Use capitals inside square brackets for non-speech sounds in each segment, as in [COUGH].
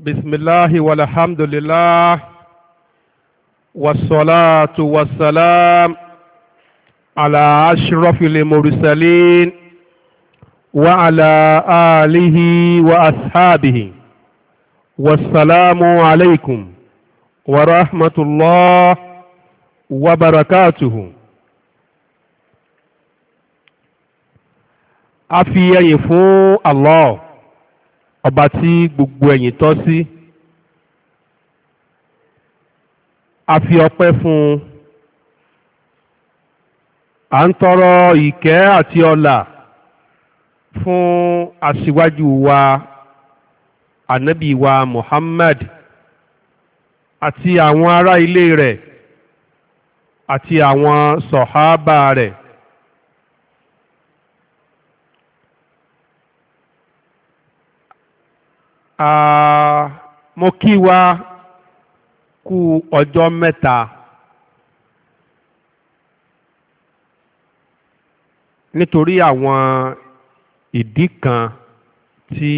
بسم الله والحمد لله والصلاة والسلام على أشرف المرسلين وعلى آله وأصحابه والسلام عليكم ورحمة الله وبركاته أفيا يفو الله ọba tí gbogbo ẹ̀yìn tọ́ sí a fi ọpẹ́ fún un à ń tọrọ ìkẹ́ àti ọlà fún aṣíwájú wa ànábì wa Muhammad àti àwọn ará ilé rẹ̀ àti àwọn sọ̀hábà rẹ̀ Uh, mo kí wa kú ọjọ́ mẹ́ta nítorí àwọn ìdí kan tí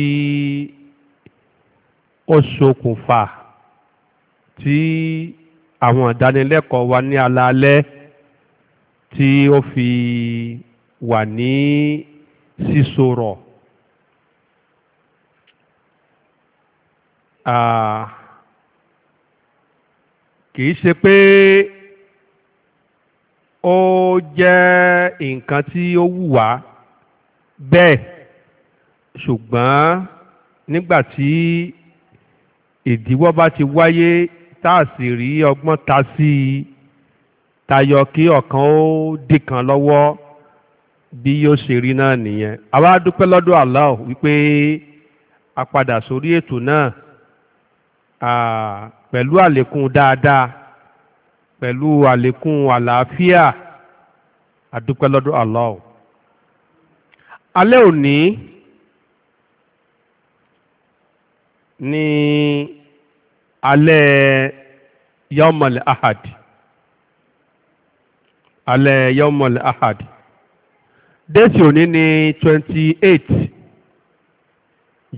ó ṣokùnfà tí àwọn ìdánilẹ́kọ̀ọ́ wa ní alaalẹ́ tí ó fi wà ní sísọ̀rọ̀. Si kì í ṣe pé ó jẹ́ nǹkan tí ó wù wá bẹ́ẹ̀ ṣùgbọ́n nígbà tí ìdíwọ́ bá ti wáyé tá a sì rí ọgbọ́n ta sí i tayọ kí ọ̀kan ó dìkan lọ́wọ́ bí yóò ṣe rí náà nìyẹn àwa dúpẹ́ lọ́dọ̀ Allah wípé a padà sórí ètò náà pẹ̀lú àlékún dáadáa pẹ̀lú àlékún àlàáfíà àdúpẹ́ aláwọ̀ alẹ́ òní ni alẹ́ yọmọlẹ̀ ahad alẹ́ yọmọlẹ̀ ahad déètì òní ní 28 eight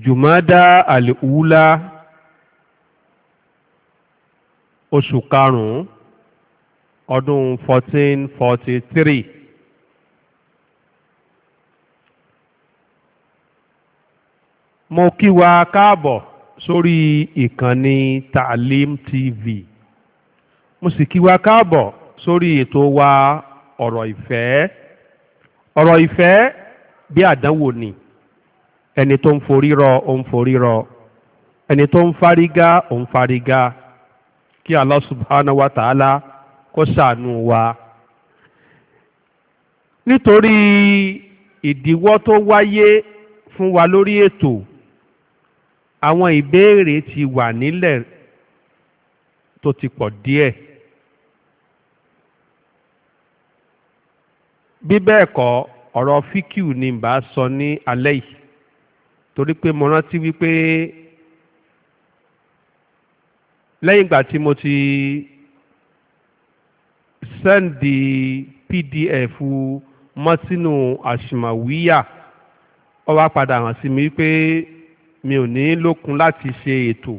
jùmọ́dá àlè òwúlá. oṣù karùn-ún ọdún 1443. mo kíwa káàbọ̀ sórí ìkànnì Taalim TV mo sì kíwa káàbọ̀ sórí ètò wa ọ̀rọ̀ ìfẹ́ ọ̀rọ̀ ìfẹ́ bí àdánwò ni ẹni tó ń forí rọ ó ń forí rọ ẹni tó ń fárígá ó ń fárígá. kí Allah subhanahu wa ta'ala kó ṣàánú wa nítorí ìdíwọ́ tó wáyé fún wa lórí ètò àwọn ìbéèrè ti wà nílẹ̀ tó ti pọ̀ díẹ̀ bí bẹ́ẹ̀ kọ́ ọ̀rọ̀ fíkìú ni bá sọ ní alẹ́ yìí torí pé mo rántí wípé lẹ́yìn ìgbà tí mo ti sẹ́ndì pdf mọ́tínú àṣìmọ̀wíyà ó wá padà hàn sí mi pé mi ò ní lókun láti ṣe ètò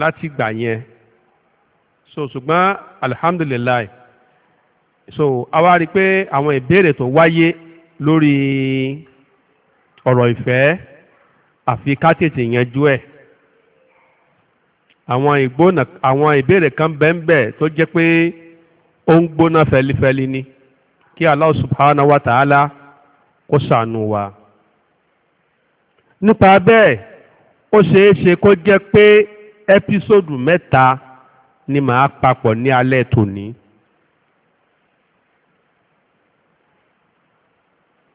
láti gbà yẹn so ṣùgbọ́n alihamdulilayi so a wá rí i pé àwọn ìbéèrè tó wáyé lórí ọ̀rọ̀ ìfẹ́ àfi ká tètè yanjú ẹ̀ àwọn ìgbóná àwọn ìbéèrè kan bẹ́ẹ̀nbẹ́ tó jẹ́ pé ó ń gbóná fẹlifẹli ni kí Allah subhanahu wa ta'ala kó ṣàánú wa. nípa bẹ́ẹ̀ ó ṣeé ṣe kó jẹ́ pé ẹ́písòdù mẹ́ta ni màá papọ̀ ní alẹ́ tòní.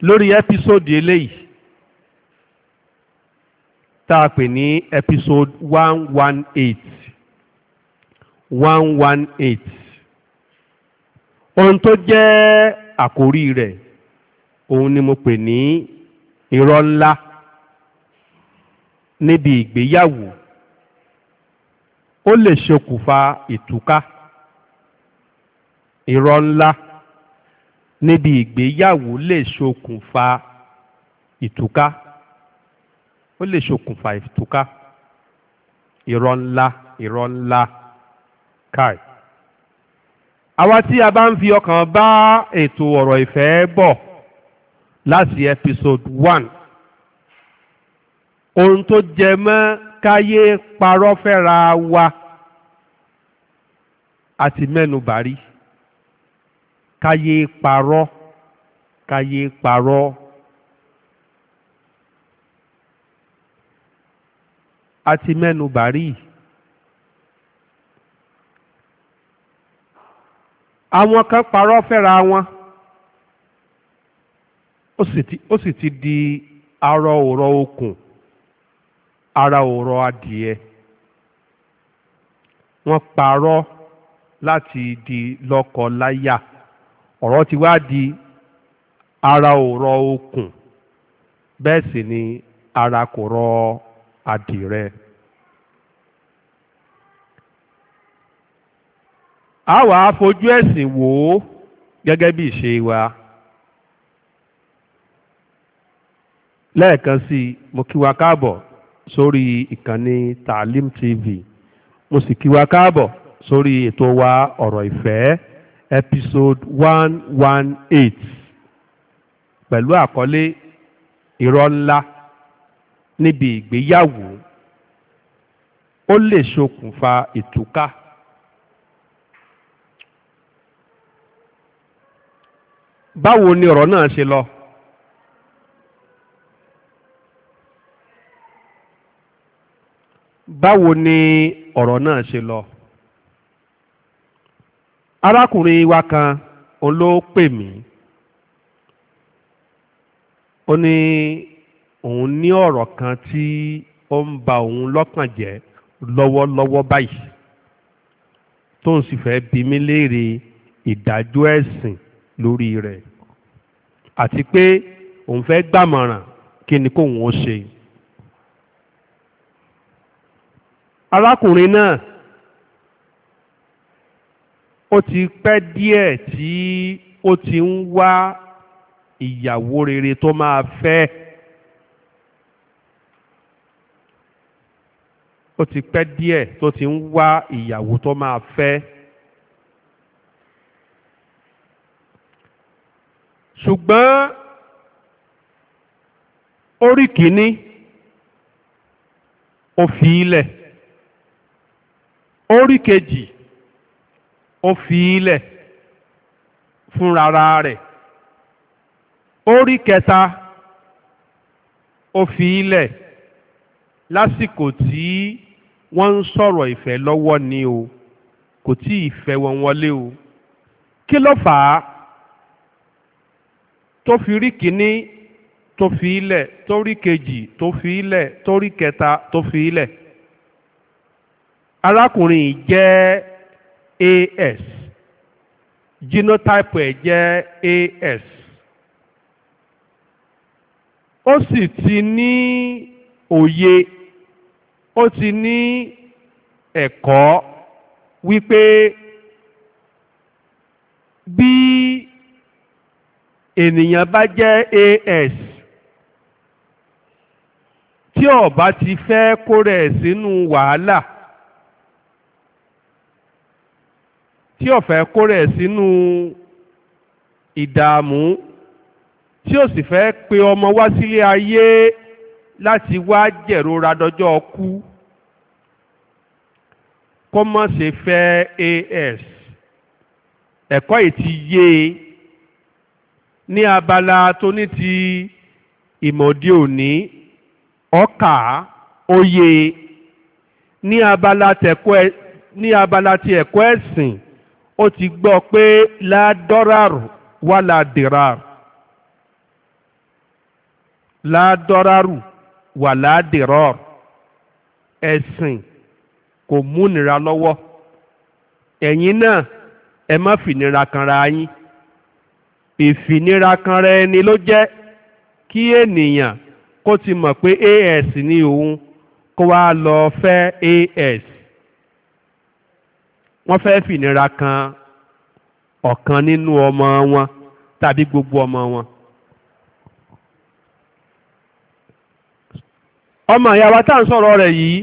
lórí ẹ́písòdù eléyìí tá a ní episode one one eight one one eight ohun tó jẹ́ àkórí rẹ̀ òun ni mo pè ní irọ́ ńlá níbi ìgbéyàwó ó lè ṣokùnfà ìtúká irọ́ ńlá níbi ìgbéyàwó lè ṣokùnfà ìtúká ó lè ṣokùnfà ìtúká irọ́ ńlá irọ́ ńlá káì. àwa tí a bá ń fi ọkàn bá ètò ọ̀rọ̀ ìfẹ́ bọ̀ láti episode one ohun tó jẹ mọ́ káyé parọ́ fẹ́ra wa àti mẹ́nu bàrí káyé parọ́ káyé parọ́ a ti mẹ́nu bàárì. àwọn kan parọ́ fẹ́ra wọn ó sì ti di arọ òrọ okùn ara òrọ adìẹ wọ́n parọ́ láti di lọ́kọ-láyà ọ̀rọ̀ ti wá di ara òrọ okùn bẹ́ẹ̀ sì ni ara kò rọ àdìrẹ. a wà á fojú ẹ̀sìn wò ó gẹ́gẹ́ bí ìṣe wa. lẹ́ẹ̀kan sí i mo kí wa káàbọ̀ sórí ìkànnì Taalim TV mo sì kí wa káàbọ̀ sórí ètò wa ọ̀rọ̀ ìfẹ́ episode one one eight pẹ̀lú àkọlé irọ́ ńlá níbi ìgbéyàwó ó lè ṣokùnfà ìtúká. báwo ni ọ̀rọ̀ náà ṣe lọ. báwo ni ọ̀rọ̀ náà ṣe lọ. arákùnrin wa kan òun ló pè mí. ó ní òun ní ọ̀rọ̀ kan tí ó ń ba òun lọ́kàn jẹ́ lọ́wọ́lọ́wọ́ báyìí tó ń sì fẹ́ bi mí léèrè ìdájọ́ ẹ̀sìn lórí rẹ̀ àti pé òun fẹ́ gbàmọ̀ràn kí ni kóun ó ṣe. arákùnrin náà ó ti pẹ́ díẹ̀ tí ó ti ń wá ìyàwó rere tó máa fẹ́ ó ti pẹ́ díẹ̀ tó ti ń wá ìyàwó tó máa fẹ́. ṣùgbọ́n orí kìíní ó fi ilẹ̀ orí kejì ó fi ilẹ̀ fúnra rẹ̀ orí kẹta ó fi ilẹ̀ lásìkò tí. wọ́n ń sọ̀rọ̀ ìfẹ́ lọ́wọ́ ni o kò tí ì fẹ́ wọn wọlé o kí ló fà á tó fi rí kínní tó fi ilẹ̀ tó rí kejì tó fi ilẹ̀ tó rí kẹta tó fi ilẹ̀ arákùnrin yìí jẹ́ as genotype ẹ̀ jẹ́ as ó sì ti ní òye ó ti ní ẹ̀kọ́ wípé bí ènìyàn bá jẹ́ AS tí ó bá ti fẹ́ kó rẹ̀ sínú wàhálà tí ó fẹ́ kó rẹ̀ sínú ìdààmú tí ó sì fẹ́ pe ọmọ wá sílé ayé láti wá jẹ̀rora dọjọ́ ọkú kó mọ̀ ṣe fẹ́ as ẹ̀kọ́ yìí ti yé e ní abala tó ní ti ìmọ̀dé òní ọkà oyè e. ní abala tẹ̀kọ́ ẹ̀ ní abala ti ẹ̀kọ́ ẹ̀sìn ó ti gbọ́ pé ládọ́ràrù wà ládìràrù ládọ́ràrù wàládìrọ́r ẹ̀sìn kò múnira lọ́wọ́ ẹ̀yin náà ẹ má fìnira kanra yín ìfìnira kanra ẹni ló jẹ́ kí ènìyàn kó ti mọ̀ pé as ni òun kó wá lọ fẹ́ as wọ́n fẹ́ fìnira kan ọ̀kan nínú ọmọ wọn tàbí gbogbo ọmọ wọn. ọmọ ìyá wa tá à ń sọ̀rọ̀ rẹ̀ yìí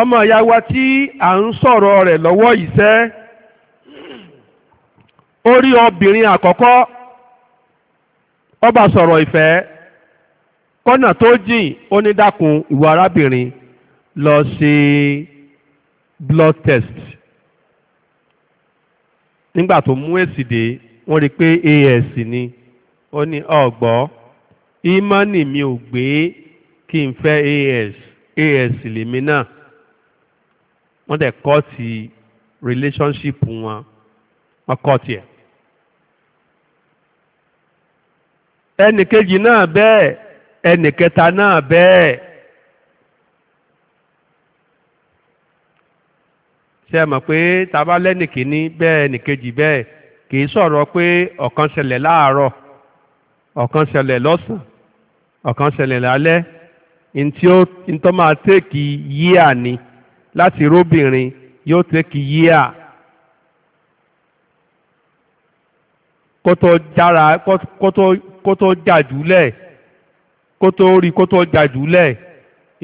ọmọ ìyá wa tí à ń sọ̀rọ̀ rẹ̀ lọ́wọ́ ìṣẹ́ ó rí obìnrin àkọ́kọ́ ó bá sọ̀rọ̀ ìfẹ́ kọ́nà tó jìn ó ìwà arábìnrin lọ se blood test nígbà tó mú èsì dé wọ́n rí i pé AS ni. ó ní ọ̀gbọ́ ìmánì mi ò gbé kí n fẹ́ as as lèmi náà wọ́n dẹ̀ kọ́ọ̀tì relationship wọn wọ́n kọ́ọ̀tì ẹ̀. enikeji náà bẹ́ẹ̀ eniketa náà bẹ́ẹ̀. ṣe é mọ̀ pé tá a bá lẹ́nìkíní bẹ́ẹ̀ ẹnìkejì bẹ́ẹ̀ kì í sọ̀rọ̀ pé ọ̀kan ṣẹlẹ̀ láàárọ̀ ọ̀kan ṣẹlẹ̀ lọ́sàn ọ̀kan ṣẹlẹ̀ lálẹ́ ntọ́ máa tẹ́kì yíà ni láti róbìnrin yóò tẹ́kì yíà kótó jára kótó kótó jàdúlẹ̀ kótó rí kótó jàdúlẹ̀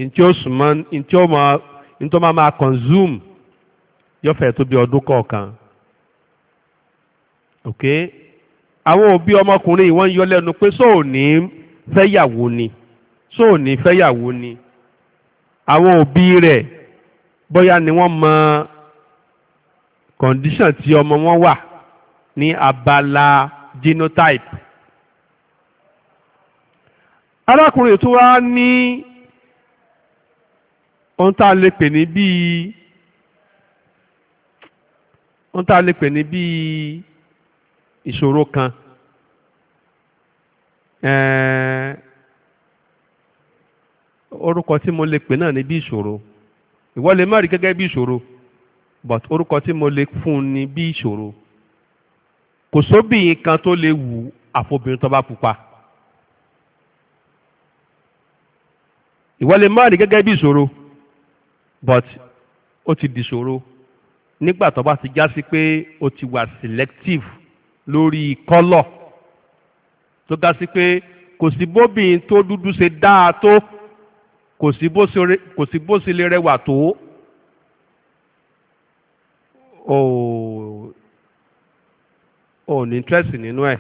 ntí ó súnmọ́ ntí ó máa máa consume yóò fẹ́ tó bí ọdún kọ̀ọ̀kan okay àwọn òbí ọmọkùnrin ìwọ́n ń yọ lẹ́nu pé sóò ní fẹ́yàwó ni sóò ní fẹ́yàwó ni àwọn òbí rẹ̀ bóyá ni wọ́n mọ kọ̀ǹdíṣàn tí ọmọ wọn wà ní abala genotype arákùnrin tó wá ní ohun tá a lè pè ní bíi ohun tá a lè pè ní bíi ìṣòro kan orúkọ tí mo lè pè náà ní bí ìṣòro ìwọ lè má rí gẹ́gẹ́ bí ìṣòro but orúkọ tí mo lè fún un ní bí ìṣòro kò sóbìyìn kan tó lè wù àfobìnrin tó bá pupa ìwọ lè má rí gẹ́gẹ́ bí ìṣòro but ó ti dìṣòro nígbà tó bá ti já sí pé ó ti wà selective lórí kọ́lọ̀ tó ga sí pé kò sí bóbìnrin tó dúdú ṣe dáa tó kò sí bó ṣe lè rẹwà tó ò ní interest nínú ẹ̀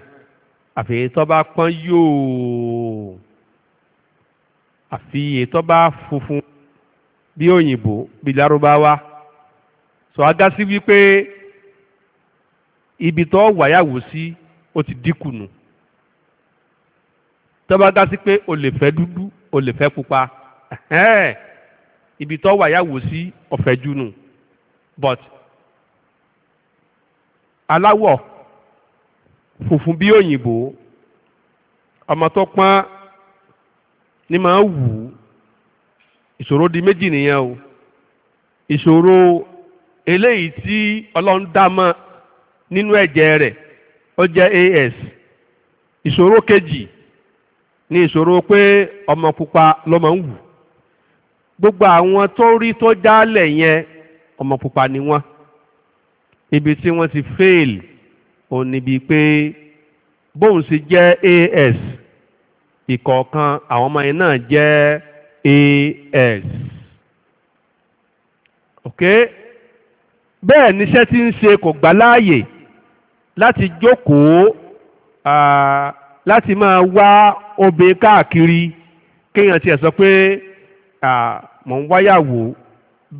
àfi èyí tó bá pọ́n yóò àfi èyí tó bá funfun bí òyìnbó bí lárúbáwá sọ agá sí wípé. So, ibi tó wàyàwó sí ó ti dínkù nù tó bá dá sí pé o lè fẹ́ dúdú o lè fẹ́ pupa ibi tó wàyàwó sí ọ̀fẹ́ jù but aláwọ̀ funfun bí òyìnbó ọmọ tó pọ́n ni máa ń wù ú ìṣòro di méjì nìyẹn o ìṣòro eléyìí tí ọlọ́run dá mọ́ nínú ẹ̀jẹ̀ rẹ̀ ó jẹ́ as ìṣòro kejì ni ìṣòro pé ọmọ pupa lọ́mọ ń wù gbogbo àwọn tó rí tó dálẹ̀ yẹn ọmọ pupa ni wọ́n ibi tí wọ́n ti fail ò níbi pé bóun sì jẹ́ as ìkọ̀ọ̀kan àwọn ọmọ yẹn náà jẹ́ as ok bẹ́ẹ̀ níṣẹ́ tí ń ṣe kò gbà láàyè láti jókòó láti máa wá obe káàkiri kéèyàn tiẹ̀ sọ pé mò ń wáyàwó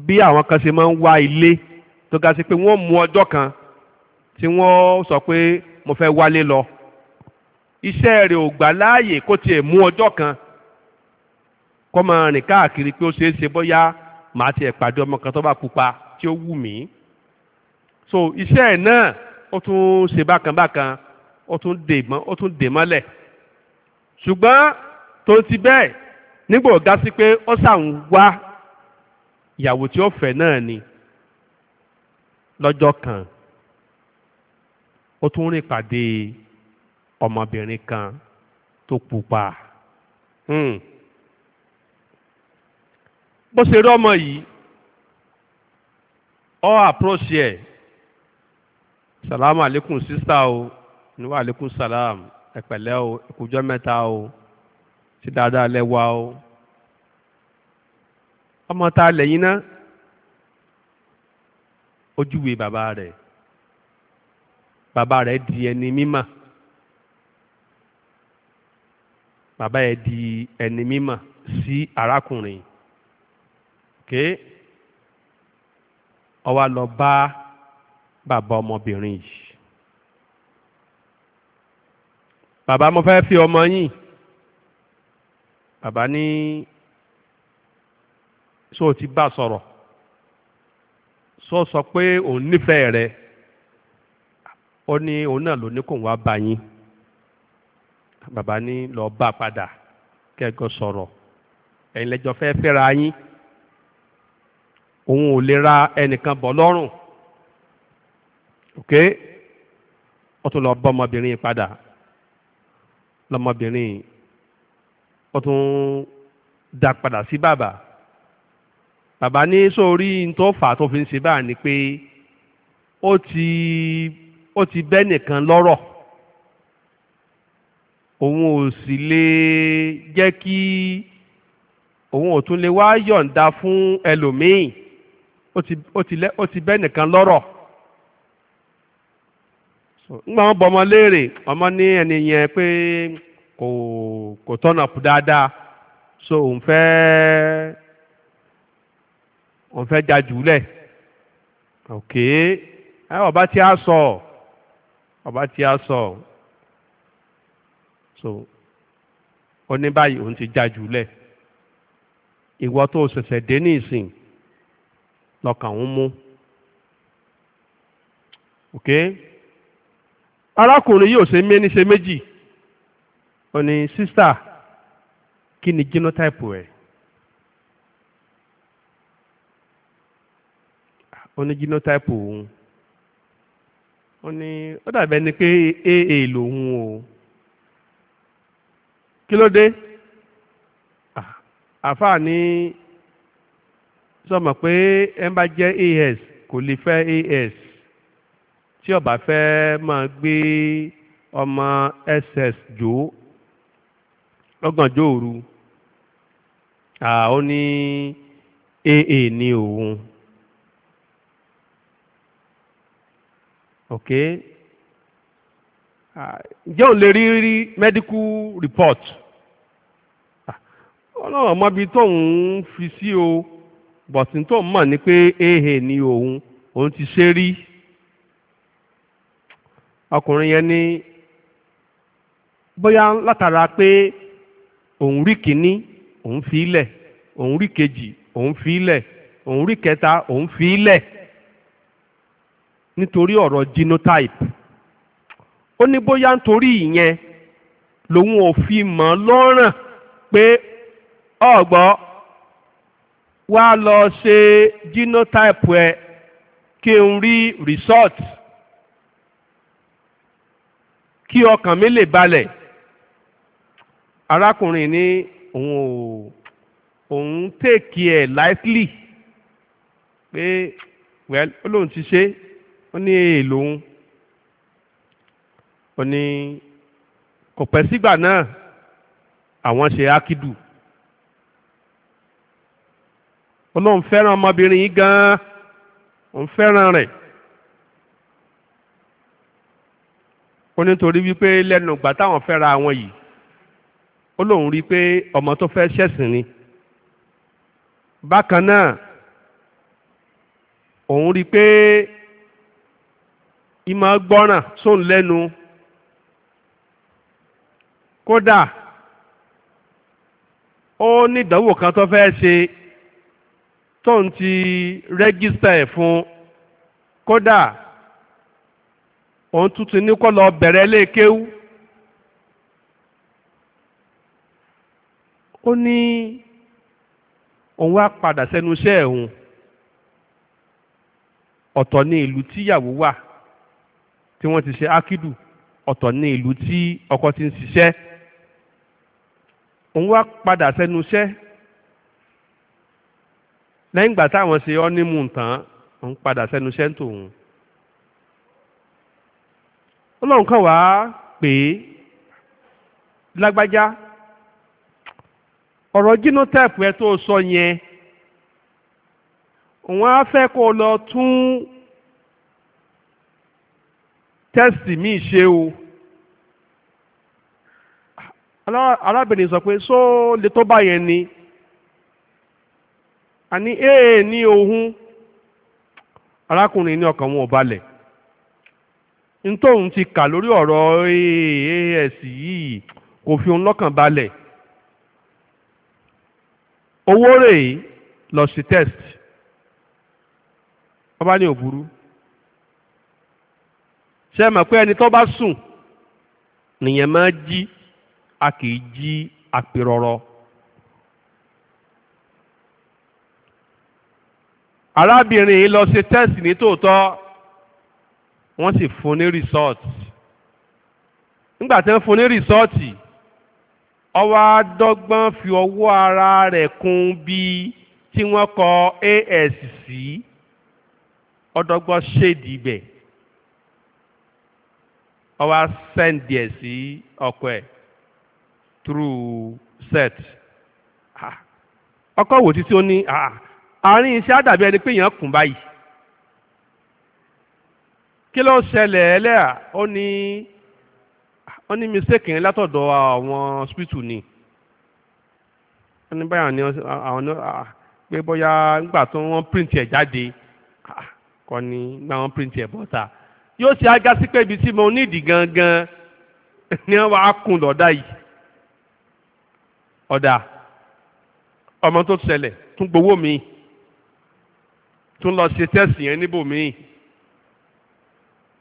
bí àwọn kan ṣe máa ń wá ilé tó ga sí pé wọ́n mú ọjọ́ kan tí wọ́n sọ pé mo fẹ́ wálé lọ iṣẹ́ rẹ̀ ò gbà láàyè kó tiẹ̀ mú ọjọ́ kan kó máa rìn káàkiri pé ó ṣeé ṣe bóyá màá tiẹ̀ pàdé ọmọ kan tó bá pupa tí ó wù mí so iṣẹ́ náà ó tún ṣe bákan bákan ó tún dè mọ́ ó tún dè mọ́lẹ̀ ṣùgbọ́n tó ti bẹ́ẹ̀ nígbà ọ̀gá sí pé ó sàn wá ìyàwó tí ó fẹ́ náà ni lọ́jọ́ kan ó tún rìn pàdé ọmọbìnrin kan tó pupa hmm. bó ṣe rí ọmọ yìí ó àpúròṣì ẹ̀ salamu alaikum sista o níwá alaikum salam ẹ pẹ̀lẹ́ o ẹ kújọ́ mẹ́ta o ti dáadáa lẹ́wà o ọmọ ta lẹ́yìn náà ojúwe bàbá rẹ̀ bàbá rẹ̀ di ẹni mímà bàbá yẹn di ẹni mímà sí arákùnrin ké ó wá lọ bá bàbá ọmọbìnrin yìí bàbá mo fẹ́ fi ọmọ yín bàbá ní ṣó o ti bá sọ̀rọ̀ ṣó o sọ pé òun nífẹ̀ẹ́ rẹ ó ní òun náà ló ní kóun wá bá yín bàbá ní lọ bá padà kẹ́gọ́ sọ̀rọ̀ ẹ̀yin lẹ́jọ́ fẹ́ fẹ́ra yín òun ò lè ra ẹnìkan bọ̀ lọ́rùn ok ó tún lọ bọ́ ọmọbìnrin padà lọmọbìnrin ó tún dá padà sí bàbá bàbá ní sórí tó fà tó fi ń ṣe báà ni pé ó ti ó ti bẹ́ nìkan lọ́rọ̀ òun ò sì lè jẹ́ kí òun ò tún lè wá yọ̀ǹda fún ẹlòmíì ó ti ó ti lẹ́ ó ti bẹ́ nìkan lọ́rọ̀ nígbà wọn bọ ọmọ léèrè ọmọ ní ẹni yẹn pé kò kò tọ́nà pù dáadáa so òun fẹ́ òun fẹ́ ja jùlẹ̀ ok ẹ ọba tí a sọ ọba tí a sọ so ó ní báyìí òun ti ja jùlẹ̀ ìwọ tó ṣẹ̀ṣẹ̀ dé ní ìsìn lọ́kàn ń mú ok arákùnrin yóò ṣe méní ṣe méjì ó ní sísà kí ni genotype ẹ̀ ó ní genotype òun ó ní ó dàbẹ̀ ni pé aa lòun o kí ló dé ah, àfáà ní sọmọ pé ẹ bá jẹ́ as kò lè fẹ́ as tí ọba fẹ́ máa gbé ọmọ ss jò lọ́gànjọ́ òru ó ní aa ni òun ok ǹjẹ́ òun lè rí rí medical report ọlọ́run ọmọbi tóun fi sí o bọ̀tún tóun mọ̀ ni pé aa ni òun òun ti ṣe rí. ọkùnrin yẹn ní bóyá látara pé òun rí kìíní òun fi í lẹ̀ òun rí kejì òun fi í lẹ̀ òun rí kẹta òun fi í nítorí ọ̀rọ̀ genotype ó ní bóyá nítorí ìyẹn lòun ò fi mọ̀ lọ́rùn pé ọ̀gbọ́ wá lọ ṣe genotype ẹ kí n rí result kí ọkàn mi lè balẹ̀ arákùnrin ní òun ò òun tèkì ẹ̀ lightly pé well ó lóun ti ṣe ó ní èèlò òun ó ní kò pẹ́ sígbà náà àwọn ṣe ákídù olóun fẹ́ràn ọmọbìnrin yìí gan-an òun fẹ́ràn rẹ̀ ó nítorí wípé lẹ́nu ìgbà táwọn fẹ́ ra àwọn yìí ó lóun rí i pé ọmọ tó fẹ́ ṣẹ̀sìn ni bákan náà òun rí i pé ìmọ̀ gbọ́ràn sóun lẹ́nu kódà ó ní ìdánwò kan tó fẹ́ ṣe tóun ti rẹ́gísítà ẹ̀ fún kódà òun tuntun ní kó lọ bẹ̀rẹ̀ ilé kéwú ó ní òun wá padà sẹ́nu iṣẹ́ òun ọ̀tọ̀ ní ìlú tíyàwó wà tí wọ́n ti ṣe ákídù ọ̀tọ̀ ní ìlú tí ọkọ ti ń ṣiṣẹ́ òun wá padà sẹ́nu iṣẹ́ lẹ́yìn ìgbà táwọn ṣe ọ́ nímú tán òun padà sẹ́nu iṣẹ́ ń tòun ọlọ́run kàn wá pé lágbájá ọ̀rọ̀ genotype ẹ tó sọ yẹn wọ́n á fẹ́ kó lọ tún tẹ́sì míì ṣe o arábìnrin sọ pé só lè tó báyẹn ni àní èè ní ohun arákùnrin ní ọkàn wọn ò balẹ̀ n tóun ti kà lórí ọ̀rọ̀ AAS yìí kò fi òun lọ́kàn balẹ̀ owó rèé lọ sí test wọ́n bá ní òburú ṣe mọ̀ pé ẹni tó bá sùn nìyẹn máa jí a kì í jí àpérọ̀rọ̀ arábìnrin yìí lọ sí test ní tòótọ́. wọ́n sì fún ní rìsọ́ọ̀tì nígbà tí wọ́n fún ní rìsọ́ọ̀tì ó wá dọ́gbọ́n fi ọwọ́ ara rẹ̀ kún bí tí wọ́n kọ as sí ọdọ́gbọ́n ṣèdí ibẹ̀ ó wá ẹ̀ sí ọkọ ẹ̀ through set ah, ọkọ wò títí ó ní ah, àárín iṣẹ́ àdàbí ẹni pé èèyàn kùn báyìí kí ló ṣẹlẹ̀ ẹlẹ́à ó ní ó ní mistake yẹn látọ̀dọ̀ àwọn hospital ni ó ní báyà ni àwọn pé bóyá nígbà tó wọ́n print ẹ̀ jáde kọ́ ni nígbà wọ́n print ẹ̀ bọ́ta yóò ṣe ága sí pé ibi tí mo nídìí gangan [LAUGHS] ni wọ́n á kun lọ́dà yìí ọ̀dà ọmọ tó ṣẹlẹ̀ tún gbowó mi tún lọ ṣe tẹ́sì yẹn níbòmíì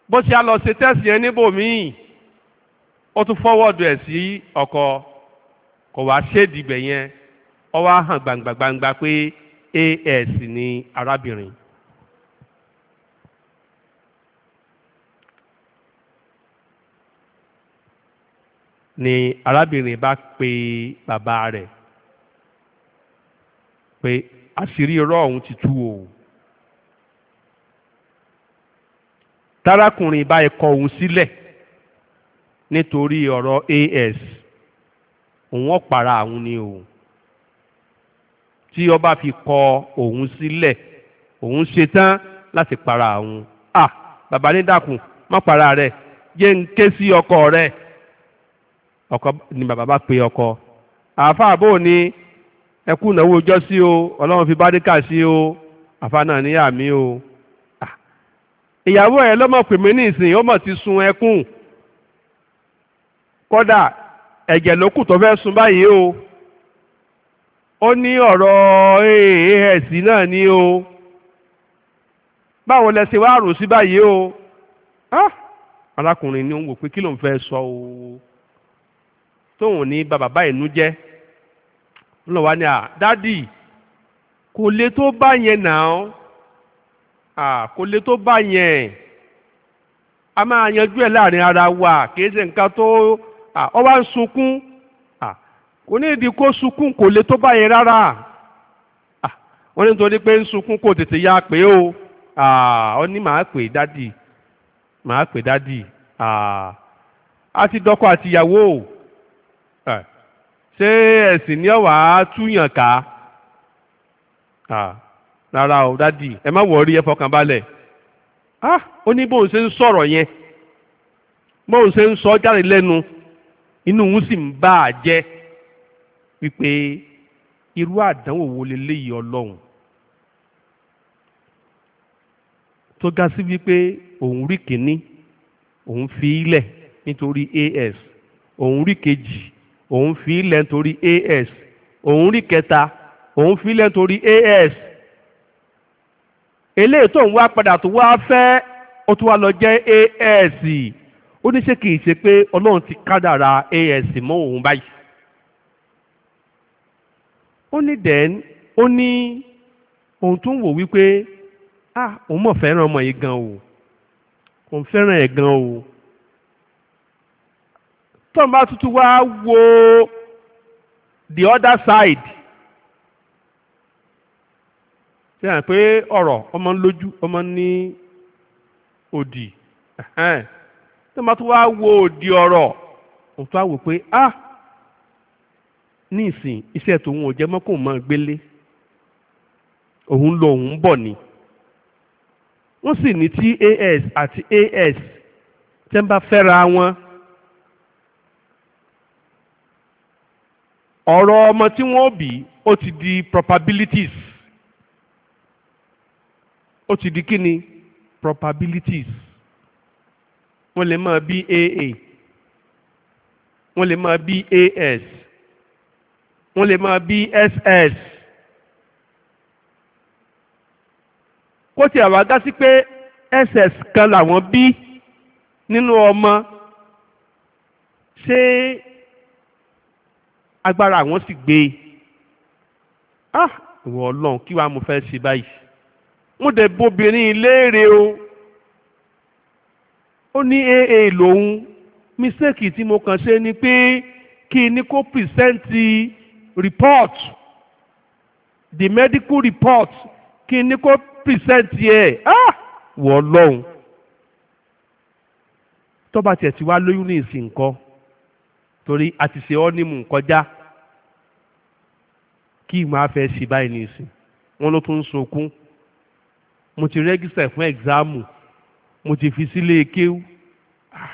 bó ṣe á lọ ṣe tẹ́sì yẹn níbòmíì ó tún fọwọ́dù ẹ̀ sí ọkọ kò wá ṣèdìgbẹ̀ yẹn ó wá hàn gbangba gbangba pé as ni arábìnrin. ni arábìnrin bá pe bàbá rẹ̀ pé àṣírí irọ́ ọ̀hún ti tú o. tárákùnrin bá ẹkọ òun sílẹ̀ nítorí ọ̀rọ̀ as òun ọ̀pàrà àwọn ni o tí ọba fi kọ òun sílẹ̀ òun ṣetán láti para àwọn à bàbá ní dàkún má para rẹ̀ jẹ́ ń ké sí ọkọ rẹ̀ ọkọ ni bàbá bá pe ọkọ àáfàá bò ní ẹkú ìnáwó ọjọ́ sí o ọlọ́run fi bádíkà sí o àfa náà níyà o ìyàwó ẹ lọ́mọ pè mí nísìnyí ó mọ̀ ti sun ẹkún kódà ẹ̀jẹ̀ ló kù tó fẹ́ sun báyìí o ó ní ọ̀rọ̀ AAS náà ni o báwo lẹ ṣe wá rò sí báyìí o arákùnrin ni ó ń wò pé kí ló ń fẹ́ sọ o tóun ní bàbá báyìí nú jẹ́ ńlọ wá ní à dádì kò lè tó bá yẹn nà án. kò lè tó bá yẹn a máa yanjú ẹ̀ láàrin ara wa kìí ṣe nǹkan tó ọ wá ń sunkún kò ní ìdí kó sunkún kò lè tó bá yẹn rárá wọn ní nítorí pé ń sunkún kò tètè ya pé o ọ ní màá pè dádì màá pè dádì a ti dọ́kọ àti ìyàwó ṣé ẹ̀sìn ni ọ̀wá túyàn ká. rárá o dádì ẹ má wọrí ẹ fọkàn balẹ̀ ah ó ní bóun ṣe yẹn bóun ṣe ń sọ jáde lẹnu inú òun sì ń bá á jẹ wípé irú àdánwò wo ọlọ́run tó ga sí wípé òun rí kínní òun fi ilẹ̀ as òun rí kejì òun fi ilẹ̀ as òun rí kẹta òun fi ilẹ̀ as eléyìí tó ń wá padà tó wá fẹ́ ó tún wá lọ jẹ́ as ó ní ṣé kìí ṣe pé ọlọ́run ti kádàrà as mọ́ òun báyìí ó ní then ó ní òun tún wò wípé ah òun mọ̀ fẹ́ràn ọmọ yìí gan o òun fẹ́ràn ẹ̀ gan o tọ́n tuntun wá wo the other side ṣe hàn pé ọ̀rọ̀ ọmọ ń lójú ọmọ ní òdì tó máa tún wá wo òdì ọ̀rọ̀ òun tó wá wò pé ah ní ìsìn iṣẹ́ tòun ò jẹ́ mọ́ kó máa gbélé òun lọ òun bọ̀ ni wọ́n sì ní TAS àti AS tẹ́ ń bá fẹ́ra wọn. ọ̀rọ̀ ọmọ tí wọ́n bí ó ti di probabilities ó ti di kí probabilities wọ́n lè máa bí aa wọ́n lè máa bí as wọ́n lè máa bí ss kó tí àwa gá sí pé ss kan làwọn bí nínú ọmọ ṣé agbára àwọn sì gbé e ah ìwọ ọlọ́run kí wàá mo fẹ́ ṣe báyìí mo dẹ̀ bobìnrin léèrè o ó ní aa lòun mistake tí mo kàn ṣe ni pé kí ni kó pìrìsẹ́ǹtì report the medical report kí ni kó pìrìsẹ́ǹtì ẹ̀ ah wọ́ lọ́hùn tó bá tiẹ̀ ti wá lóyún ní ìsìn nǹkan torí a ti ṣe ọ́ nímú kọjá kí ìmọ̀ afẹ́ ṣì báyìí ní ìsìn wọn ló tún ń sunkún mo ti rẹ́gísítà fún ẹ̀gzáàmù mo ti fi sílé kéwú ah,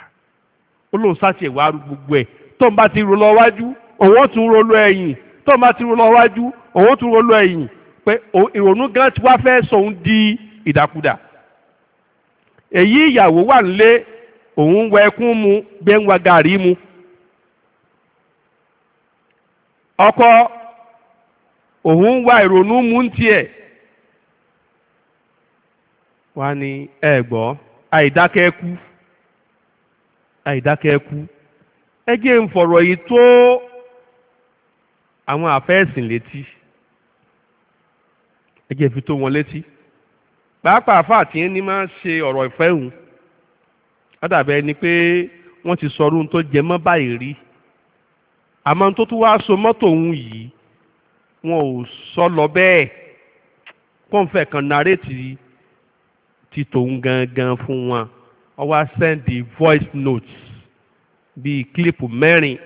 ó lóun sáti ẹ̀wà gbogbo ẹ̀ tó ń bá ti ro lọ wájú òun tún ro lọ ẹ̀yìn tó ń bá ti ro lọ wájú òun tún ro lọ ẹ̀yìn pé ìrònú gan ti wá fẹ́ sọ di ìdàkudà èyí ìyàwó wà nílé òun wọ ẹkún mu bẹ́ẹ̀ ń wa gàrí mu ọkọ òun wá ìrònú mu ń tiẹ̀ wọ́n á ní ẹ gbọ́ àìdákẹ́ kú àìdákẹ́ kú ẹ jẹ́ ń fọ̀rọ̀ yìí tó àwọn àfẹ́ẹ̀sìn létí ẹ jẹ́ fi tó wọn létí pàápàá fàtí ẹni máa ń ṣe ọ̀rọ̀ ìfẹ́ hùn ládàbẹ́ ni pé wọ́n ti sọ ọdún tó jẹ mọ́ báyìí rí àmọ́ tó tún wáá so mọ́tò òun yìí wọn ò sọ lọ bẹ́ẹ̀ kó n fẹ́ kan náréètì ti tòun gangan fún wọn ó wá sẹ́ndì voice notes bíi kílípù mẹ́rin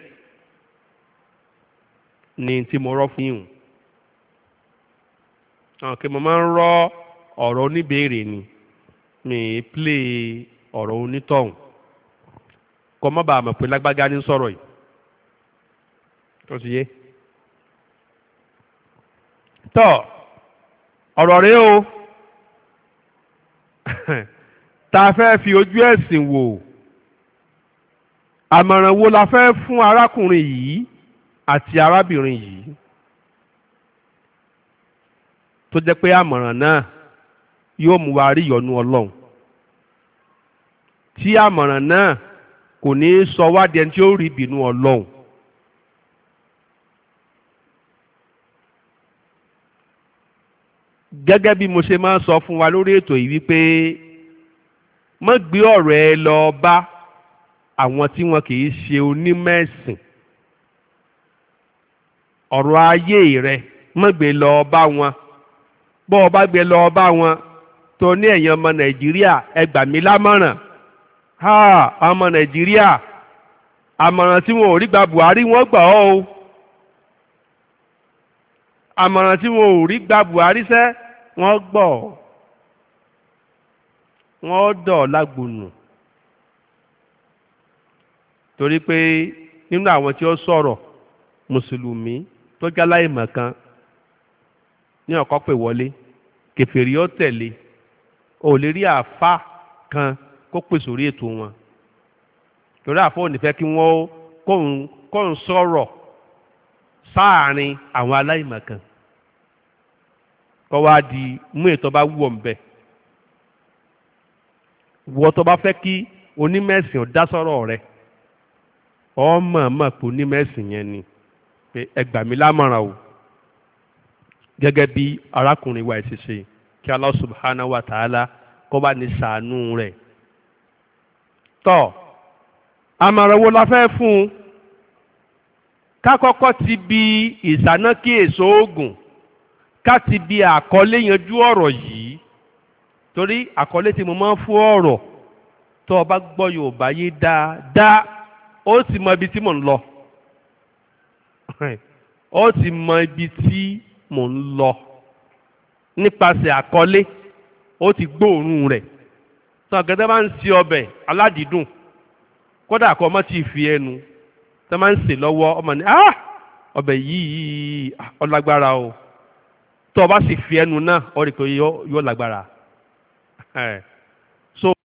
ni tí mo rọ́ fún yìí àwọn kí mo máa ń rọ ọ̀rọ̀ oníbèrè ni mi ì plé ọ̀rọ̀ onítọ̀hún kọ́ mọ́ bá a mọ̀ pé lágbága ní sọ̀rọ̀ yìí tó ti yé tọ́ ọ̀rọ̀ rẹ o. [LAUGHS] tá a fẹ́ fi ojú ẹ̀sìn wò àmọ̀ràn wo la fẹ́ fún arákùnrin yìí àti arábìnrin yìí tó jẹ́ pé àmọ̀ràn náà yóò mú wa rí ìyọ́nú ọlọ́run tí àmọ̀ràn náà kò ní sọ wá ẹni tí ó rí ìbínú ọlọ́run. gẹ́gẹ́ bí mo ṣe máa ń sọ fún wa lórí ètò yìí wípé má gbé ọ̀rọ̀ ẹ lọ bá àwọn tí wọn kì í ṣe onímọ̀ ẹ̀sìn ọ̀rọ̀ ayé rẹ má gbé lọ bá wọn bọ́ ọ bá gbé lọ bá wọn tó ní ẹ̀yin ọmọ nàìjíríà ẹ gbà mí lámọ̀ràn ha ọmọ nàìjíríà àmọ̀ràn tí wọn ò rí gba buhari wọ́n gbà ọ́ o àmọ̀ràn tí wọn ò rí gba Buhari sẹ́ wọ́n gbọ́ wọ́n dọ̀ lágbónù torí pé nínú àwọn tí ó sọ̀rọ̀ mùsùlùmí tó jẹ́ aláìmọ̀ kan ní ọ̀kọ́ pè wọlé kèfèrí ó tẹ̀lé ò lè rí àáfà kan kó pè sórí ètò wọn torí àáfà ò ní fẹ́ kí wọ́n kóun sọ̀rọ̀ sáàárín àwọn aláìmọ̀ kan kọ́ wá di mú ètò bá wù ọ́ mbẹ́ wọ́ tó bá fẹ́ kí onímẹ̀sìn ọ̀dá sọ̀rọ̀ rẹ ọmọ mọ̀ pé onímẹ̀sìn yẹn ni pé ẹ gbà lámọ̀ràn o gẹ́gẹ́ bí arákùnrin wa ẹ̀ ṣe ṣe kí Allah subhanahu wa ta'ala kọ́ bá ní sàánú rẹ̀ tọ́ àmàrànwó la fẹ́ fún un ká ti bi ìsáná kí èso oògùn ká ti di àkọlé yanjú ọ̀rọ̀ yìí torí àkọlé tí mo máa ń fún ọ̀rọ̀ tó o bá gbọ́ Yorùbá yé dáadáa ó sì mọ ibi tí mò ń lọ ó sì mọ ibi tí mò ń lọ nípasẹ̀ àkọlé ó ti gbóòórùn rẹ̀ tán gẹ́gẹ́ bá ń ṣe ọbẹ̀ aládìídùn kódà kọ́ ọmọ tí ì fi ẹnu tán máa ń sè lọ́wọ́ ọmọ ní ah! ọbẹ̀ yìí ọlágbára o tó o bá sì fi ẹnu náà ọ rí i pé yóò lágbára so